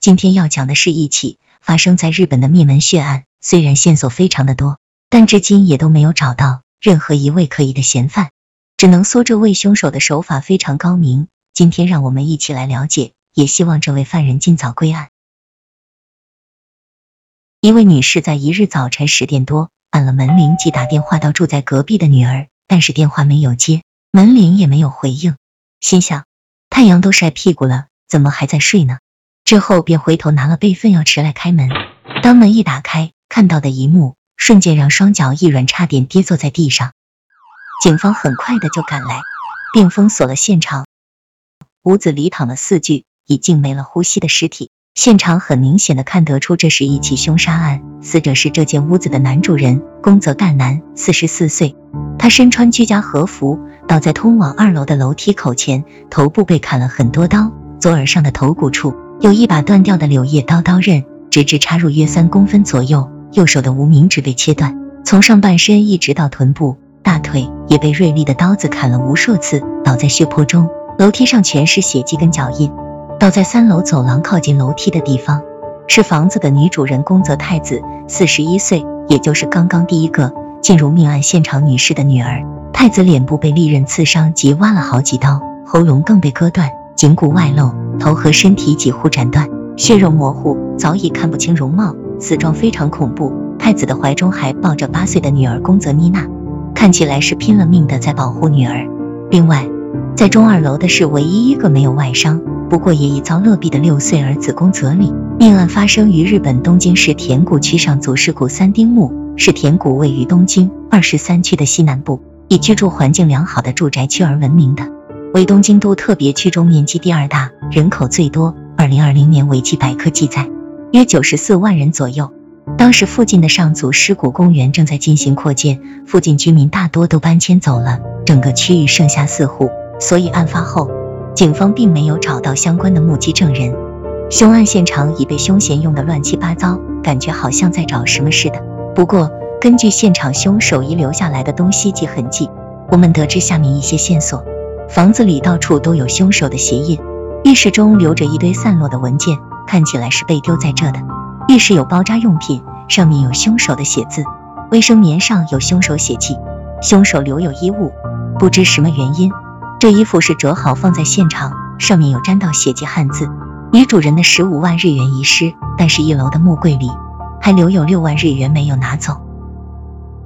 今天要講的是一起發生在日本的滅門血案，雖然線索非常的多，但至今也都沒有找到任何一位可疑的嫌犯，只能說這位凶手的手法非常高明。今天讓我們一起來了解，也希望這位犯人盡早歸案。一位女士在一日早晨十點多按了門鈴即打電話到住在隔壁的女兒，但是電話沒有接，門鈴也沒有回應，心想太陽都曬屁股了，怎麼還在睡呢？之後便回頭拿了備份鑰匙來開門，當門一打開，看到的一幕瞬間讓雙腳一軟，差點跌坐在地上。警方很快的就趕來，並封鎖了現場。屋子裡躺了四具已經沒了呼吸的屍體，現場很明顯的看得出這是一起兇殺案，死者是這間屋子的男主人宮澤幹男，四十四歲，他身穿居家和服，倒在通往二樓的樓梯口前，頭部被砍了很多刀，左耳上的頭骨處。有一把斷掉的柳葉刀，刀刃直至插入約三公分左右，右手的無名指被切斷，從上半身一直到臀部、大腿也被銳利的刀子砍了無數次，倒在血泊中。樓梯上全是血跡跟腳印，倒在三樓走廊靠近樓梯的地方，是房子的女主人宮澤泰子，四十一歲，也就是剛剛第一個進入命案現場女士的女兒。泰子臉部被利刃刺傷及挖了好幾刀，喉嚨更被割斷。頸骨外露，頭和身體幾乎斬斷，血肉模糊，早已看不清容貌，死狀非常恐怖。太子的懷中還抱着八歲的女兒宮澤妮娜，看起來是拼了命的在保護女兒。另外，在中二樓的是唯一一個沒有外傷，不過也已遭勒斃的六歲兒子宮澤禮。命案發生於日本東京世田谷區上祖師谷三丁目，世田谷位於東京二十三區的西南部，以居住環境良好的住宅區而聞名的。為東京都特別區中面積第二大，人口最多。二零二零年維基百科記載，約九十四萬人左右。當時附近的上祖師谷公園正在進行擴建，附近居民大多都搬遷走了，整個區域剩下四戶，所以案发後警方并沒有找到相關的目擊證人。兇案現場已被凶嫌用得亂七八糟，感覺好像在找什麼似的。不過，根據現場兇手遺留下來的東西及痕迹，我們得知下面一些線索。房子裡到處都有兇手的鞋印，浴室中留着一堆散落的文件，看起來是被丟在這的。浴室有包紮用品，上面有兇手的血字，衛生棉上有兇手血跡，兇手留有衣物，不知什麼原因，這衣服是折好放在現場，上面有沾到血跡汗漬。女主人的十五萬日元遺失，但是一樓的木櫃裡還留有六萬日元沒有拿走。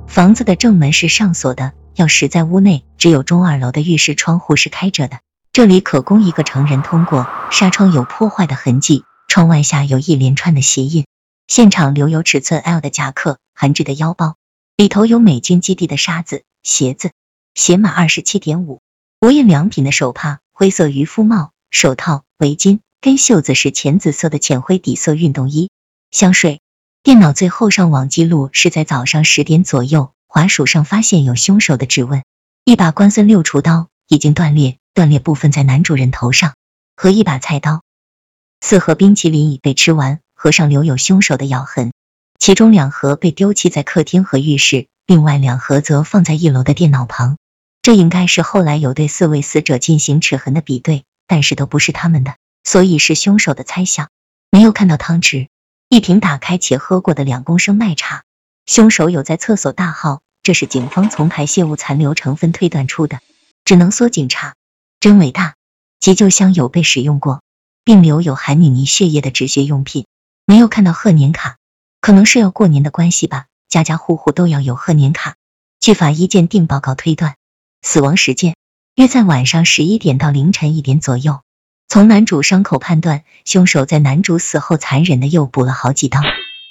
房子的正門是上鎖的。鑰匙在屋內，只有中二樓的浴室窗戶是開着的，這裡可供一個成人通過。紗窗有破壞的痕跡，窗外下有一連串的鞋印。現場留有尺寸 L 的夾克，韓制的腰包，裡頭有美軍基地的沙子、鞋子，鞋碼二十七點五。無印良品的手帕，灰色漁夫帽，手套、圍巾跟袖子是淺紫色的淺灰底色運動衣，香水、電腦。最後上網記錄是在早上十點左右。滑鼠上發現有凶手的指紋，一把關孫六廚刀已經斷裂，斷裂部分在男主人頭上和一把菜刀，四盒冰淇淋已被吃完，盒上留有凶手的咬痕，其中兩盒被丟棄在客廳和浴室，另外兩盒則放在一樓的電腦旁。這應該是後來有對四位死者進行齒痕的比對，但是都不是他們的，所以是凶手的猜想。沒有看到湯匙，一瓶打開且喝過的兩公升麥茶。凶手有在廁所大號，這是警方從排泄物殘留成分推斷出的，只能縮警察，真偉大。急救箱有被使用過，並留有韓女尼血液的止血用品，沒有看到賀年卡，可能是要過年的關係吧，家家戶戶都要有賀年卡。據法醫鑑定報告推斷，死亡時間約在晚上十一點到凌晨一點左右。從男主傷口判斷，凶手在男主死後殘忍的又補了好幾刀。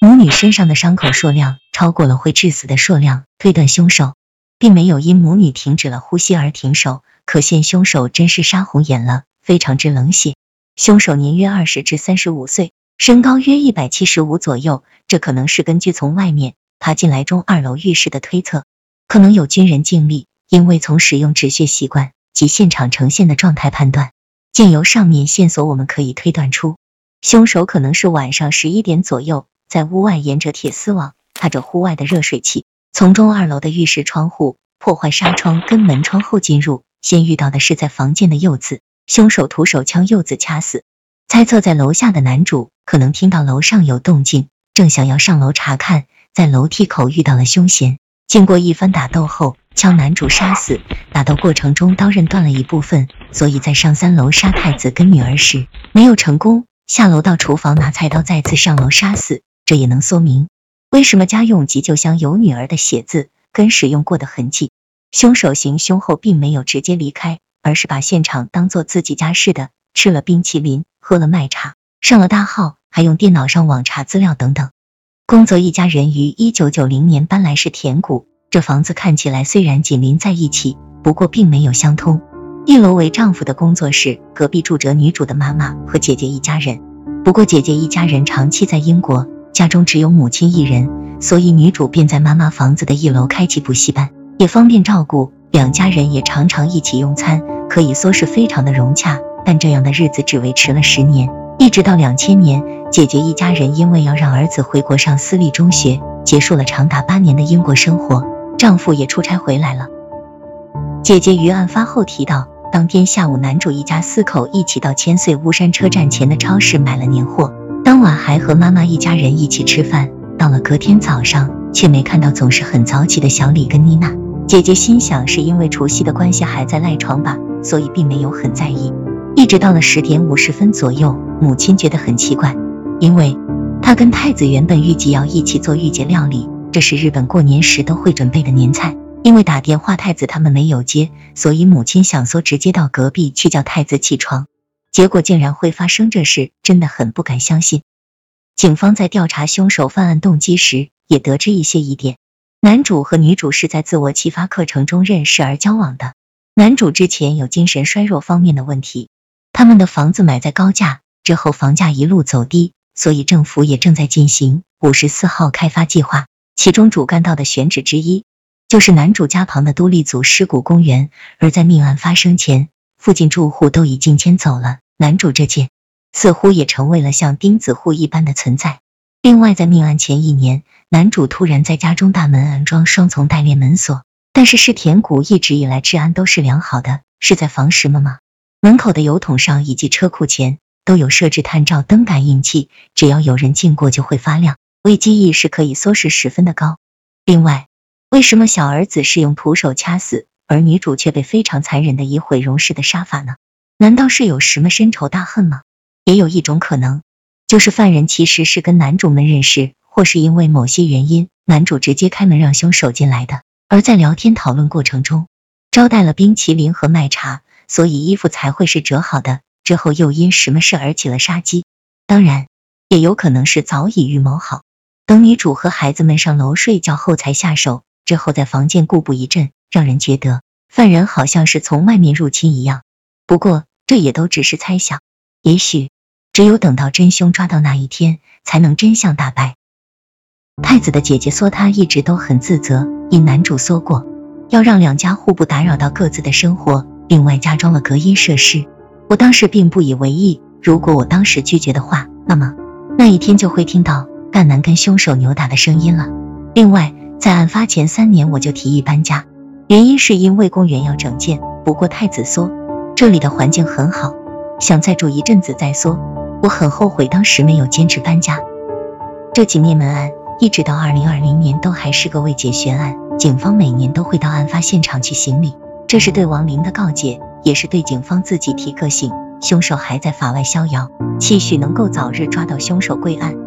母女身上的傷口數量超過了會致死的數量，推斷凶手並沒有因母女停止了呼吸而停手，可見凶手真是殺紅眼了，非常之冷血。凶手年約二十至三十五歲，身高約一百七十五左右，這可能是根據從外面爬進來中二樓浴室的推測，可能有軍人經歷，因為從使用止血習慣及現場呈現的狀態判斷。借由上面線索，我們可以推斷出凶手可能是晚上十一點左右。在屋外沿着鐵絲網，踏着戶外的熱水器，從中二樓的浴室窗戶破壞紗窗跟門窗後進入。先遇到的是在房間的柚子，凶手徒手將柚子掐死。猜測在樓下的男主可能聽到樓上有動靜，正想要上樓查看，在樓梯口遇到了凶嫌。經過一番打鬥後，將男主殺死。打鬥過程中刀刃斷,斷了一部分，所以在上三樓殺太子跟女兒時沒有成功。下樓到廚房拿菜刀，再次上樓殺死。這也能說明，為什麼家用急救箱有女兒的血漬跟使用過的痕跡。凶手行凶後並沒有直接離開，而是把現場當做自己家似的，吃了冰淇淋，喝了麥茶，上了大號，還用電腦上網查資料等等。宮澤一家人於一九九零年搬來世田谷，這房子看起來雖然緊鄰在一起，不過並沒有相通。一樓為丈夫的工作室，隔壁住着女主的媽媽和姐姐一家人。不過姐姐一家人長期在英國。家中只有母親一人，所以女主便在媽媽房子的一樓開啟補習班，也方便照顧。兩家人也常常一起用餐，可以說是非常的融洽。但這樣的日子只維持了十年，一直到兩千年，姐姐一家人因為要讓兒子回國上私立中學，結束了長達八年的英國生活。丈夫也出差回來了。姐姐於案發後提到，當天下午男主一家四口一起到千歲烏山車站前的超市買了年貨。當晚還和媽媽一家人一起吃飯，到了隔天早上，卻沒看到總是很早起的小李跟妮娜。姐姐心想是因為除夕的關係還在賴床吧，所以並沒有很在意。一直到了十點五十分左右，母親覺得很奇怪，因為她跟太子原本預計要一起做御節料理，這是日本過年時都會準備的年菜。因為打電話太子他們沒有接，所以母親想說直接到隔壁去叫太子起床。結果竟然會發生這事，真的很不敢相信。警方在調查凶手犯案動機時，也得知一些疑點。男主和女主是在自我啟發課程中認識而交往的。男主之前有精神衰弱方面的問題。他們的房子買在高價之後，房價一路走低，所以政府也正在進行五十四號開發計劃。其中主幹道的選址之一就是男主家旁的都立祖師谷公園。而在命案發生前，附近住戶都已經遷走了。男主這件似乎也成為了像釘子戶一般的存在。另外，在命案前一年，男主突然在家中大門安裝雙重帶鏈門鎖。但是，世田谷一直以來治安都是良好的，是在防什麼嗎？門口的油桶上以及車庫前都有設置探照燈感應器，只要有人經過就會發亮。危機意識可以說是十分的高。另外，為什麼小兒子是用徒手掐死，而女主卻被非常殘忍的以毀容式的殺法呢？難道是有什麼深仇大恨嗎？也有一種可能，就是犯人其實是跟男主們認識，或是因為某些原因，男主直接開門讓凶手進來的。而在聊天討論過程中，招待了冰淇淋和麥茶，所以衣服才會是折好的。之後又因什麼事而起了殺機，當然，也有可能是早已預謀好，等女主和孩子們上樓睡覺後才下手。之後在房間故佈一陣，讓人覺得犯人好像是從外面入侵一樣。不過，這也都只是猜想。也許只有等到真凶抓到那一天，才能真相大白。太子的姐姐說，她一直都很自責。因男主說過，要讓兩家互不打擾到各自的生活，另外加裝了隔音設施。我當時並不以為意。如果我當時拒絕的話，那麼那一天就會聽到贛南跟凶手扭打的聲音了。另外，在案發前三年，我就提議搬家，原因是因為公園要整建。不過太子說，這裡的環境很好，想再住一陣子再說。我很後悔當時沒有堅持搬家。這起滅門案一直到二零二零年都還是個未解懸案，警方每年都會到案發現場去行禮，這是對亡靈的告誡，也是對警方自己提個醒，兇手還在法外逍遙，期許能夠早日抓到兇手歸案。